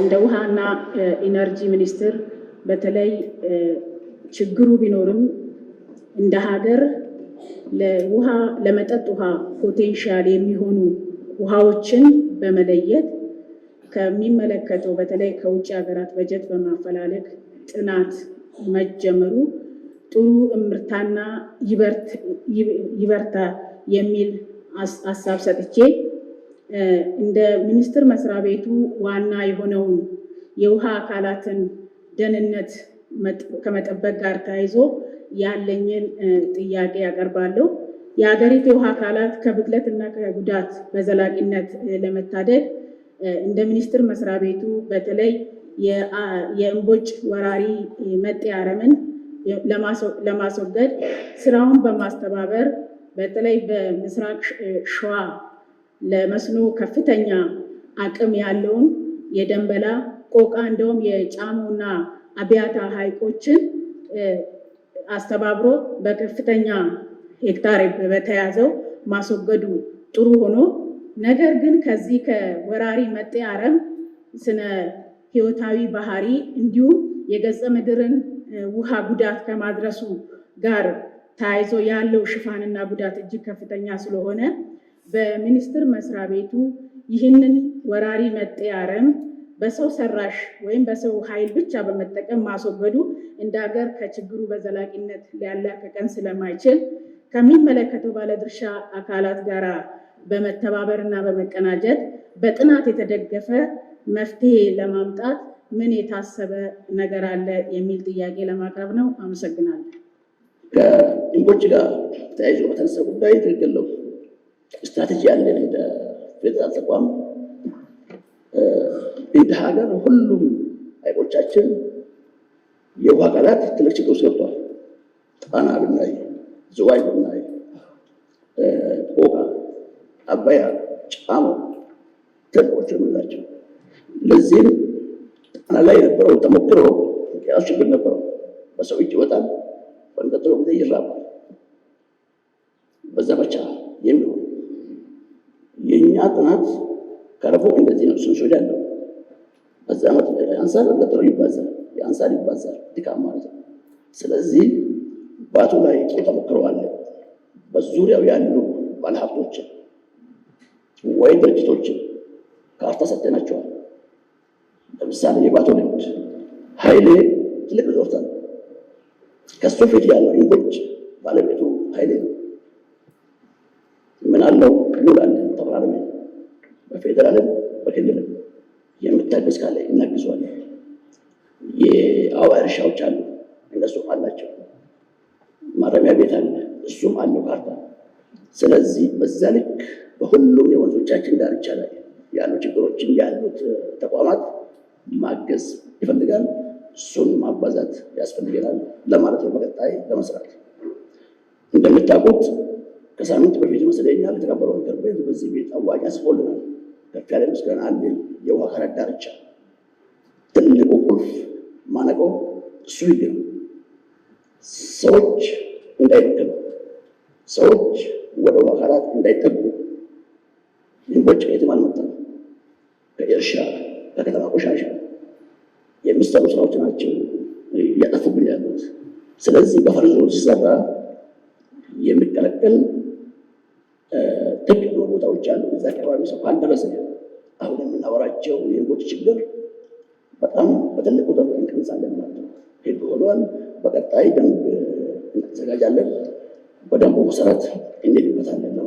እንደ ውሃና ኢነርጂ ሚኒስትር በተለይ ችግሩ ቢኖርም እንደ ሀገር ለውሃ ለመጠጥ ውሃ ፖቴንሻል የሚሆኑ ውሃዎችን በመለየት ከሚመለከተው በተለይ ከውጭ ሀገራት በጀት በማፈላለግ ጥናት መጀመሩ ጥሩ እምርታና ይበርታ የሚል ሀሳብ ሰጥቼ እንደ ሚኒስቴር መስሪያ ቤቱ ዋና የሆነውን የውሃ አካላትን ደህንነት ከመጠበቅ ጋር ተያይዞ ያለኝን ጥያቄ ያቀርባለሁ። የሀገሪቱ የውሃ አካላት ከብክለት እና ከጉዳት በዘላቂነት ለመታደግ እንደ ሚኒስቴር መስሪያ ቤቱ በተለይ የእምቦጭ ወራሪ መጤ አረምን ለማስወገድ ስራውን በማስተባበር በተለይ በምስራቅ ሸዋ ለመስኖ ከፍተኛ አቅም ያለውን የደንበላ ቆቃ እንደውም የጫሙና አብያታ ሐይቆችን አስተባብሮ በከፍተኛ ሄክታር በተያዘው ማስወገዱ ጥሩ ሆኖ ነገር ግን ከዚህ ከወራሪ መጤ አረም ስነ ህይወታዊ ባህሪ እንዲሁም የገጸ ምድርን ውሃ ጉዳት ከማድረሱ ጋር ተያይዞ ያለው ሽፋንና ጉዳት እጅግ ከፍተኛ ስለሆነ በሚኒስቴር መስሪያ ቤቱ ይህንን ወራሪ መጤ አረም በሰው ሰራሽ ወይም በሰው ኃይል ብቻ በመጠቀም ማስወገዱ እንደ ሀገር ከችግሩ በዘላቂነት ሊያላቅቀን ስለማይችል ከሚመለከተው ባለድርሻ አካላት ጋር በመተባበር እና በመቀናጀት በጥናት የተደገፈ መፍትሄ ለማምጣት ምን የታሰበ ነገር አለ የሚል ጥያቄ ለማቅረብ ነው። አመሰግናለሁ። ከድንቦች ጋር ተያይዞ በተነሳ ጉዳይ ትክክል ነው። ስትራቴጂ አለን እንደ ተቋም እንደ ሀገር ሁሉም ሀይቆቻችን የውሃ አካላት ትልቅ ችግር ውስጥ ገብቷል። ጣና ብናይ፣ ዝዋይ ብናይ፣ ቆቃ፣ አባያ፣ ጫሞ ትልቆች የምንላቸው ለዚህም ጣና ላይ የነበረው ተሞክሮ የራሱ ችግር ነበረው። በሰው እጅ ይወጣል፣ በንቀጥሎ ጊዜ ይራባል። በዘመቻ የሚሆን የኛ ጥናት ከረፎ እንደዚህ ነው። ስንሶድ ያለው በዛ ዓመት የአንሳር ገጠሮ ይባዛል፣ የአንሳር ይባዛል ድካም ማለት ነው። ስለዚህ ባቱ ላይ ጥሩ ተሞክሮ አለ። በዙሪያው ያሉ ባለሀብቶችን ወይ ድርጅቶችን ካርታ ሰጥተናቸዋል። ለምሳሌ የባቶ ልምድ ኃይሌ ትልቅ ሪዞርት አለ። ከሱ ፊት ያለው ኢንጎች ባለቤቱ ኃይሌ ነው። ምን አለው በተቀጠለው በፌዴራልም በክልልም የምታገዝ ካለ እናግዘዋለን። የአበባ እርሻዎች አሉ፣ እነሱም አላቸው። ማረሚያ ቤት አለ፣ እሱም አለው ካርታ። ስለዚህ በዛ ልክ በሁሉም የወንዞቻችን ዳርቻ ላይ ያሉ ችግሮችን ያሉት ተቋማት ማገዝ ይፈልጋል። እሱን ማባዛት ያስፈልገናል ለማለት ነው። በቀጣይ ለመስራት እንደምታውቁት ከሳምንት በፊት መስለኛ ለተከበረው ምክር ቤት በዚህ ቤት አዋጅ አስፎልናል። ከፍ ያለ ምስጋና አለን። የውሃ አካላት ዳርቻ ትልቁ ቁልፍ ማነቆ እሱ ይገኝ ሰዎች እንዳይጠሉ፣ ሰዎች ወደ ውሃ አካላት እንዳይጠጉ ልቦች ከየትም አልመጣም። ከእርሻ ከከተማ ቆሻሻ የሚሰሩ ስራዎች ናቸው እያጠፉብን ያሉት። ስለዚህ በፈርዞ ሲሰራ የሚቀለቀል ትልቅ ቦታዎች አሉ። እዛ አካባቢ ሰው ካልደረሰ አሁን የምናወራቸው የህጎች ችግር በጣም በትልቅ ቁጥር እንቀንሳለን ማለት ነው። ህግ ሆኗል። በቀጣይ ደንብ እናዘጋጃለን። በደንቡ መሰረት እንሄድበታለን።